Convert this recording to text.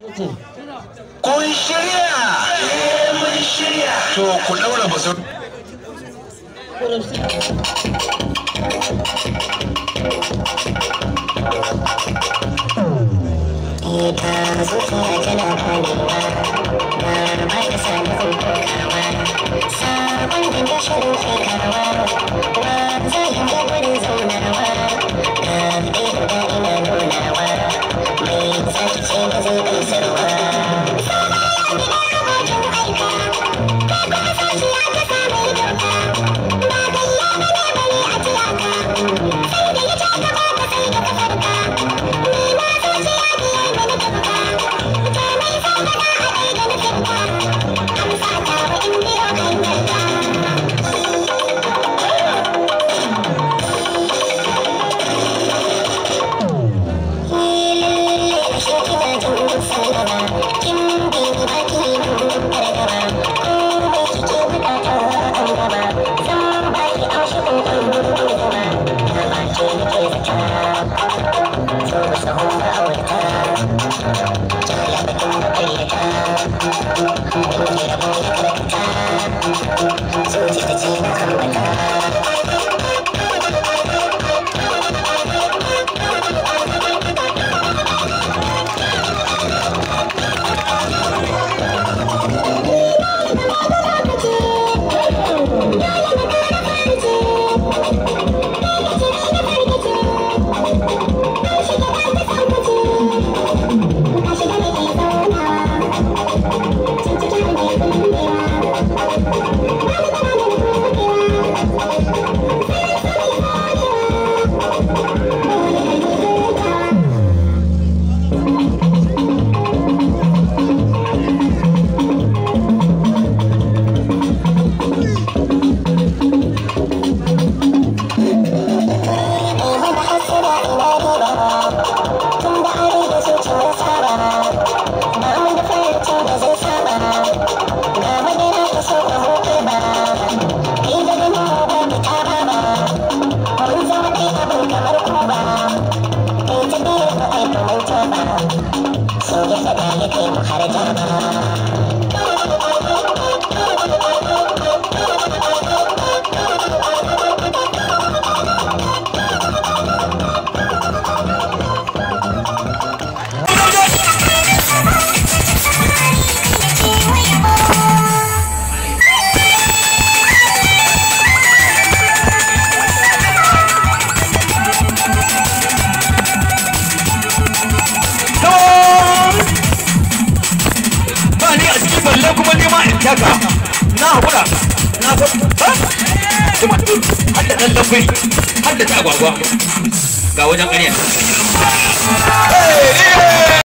Kun shirya? Eh mun shirya. To ku daura basir. Ita zuciya tana karewa, ba ba ta sami kokawa, sabon da ta shirin shekawa, Thank you. Thank you. सोने से पहले के मुखर जब sai kuma nema in taka na haƙura na san kuma har da ɗan lambai har da ta agwagwa ga wajen ƙarya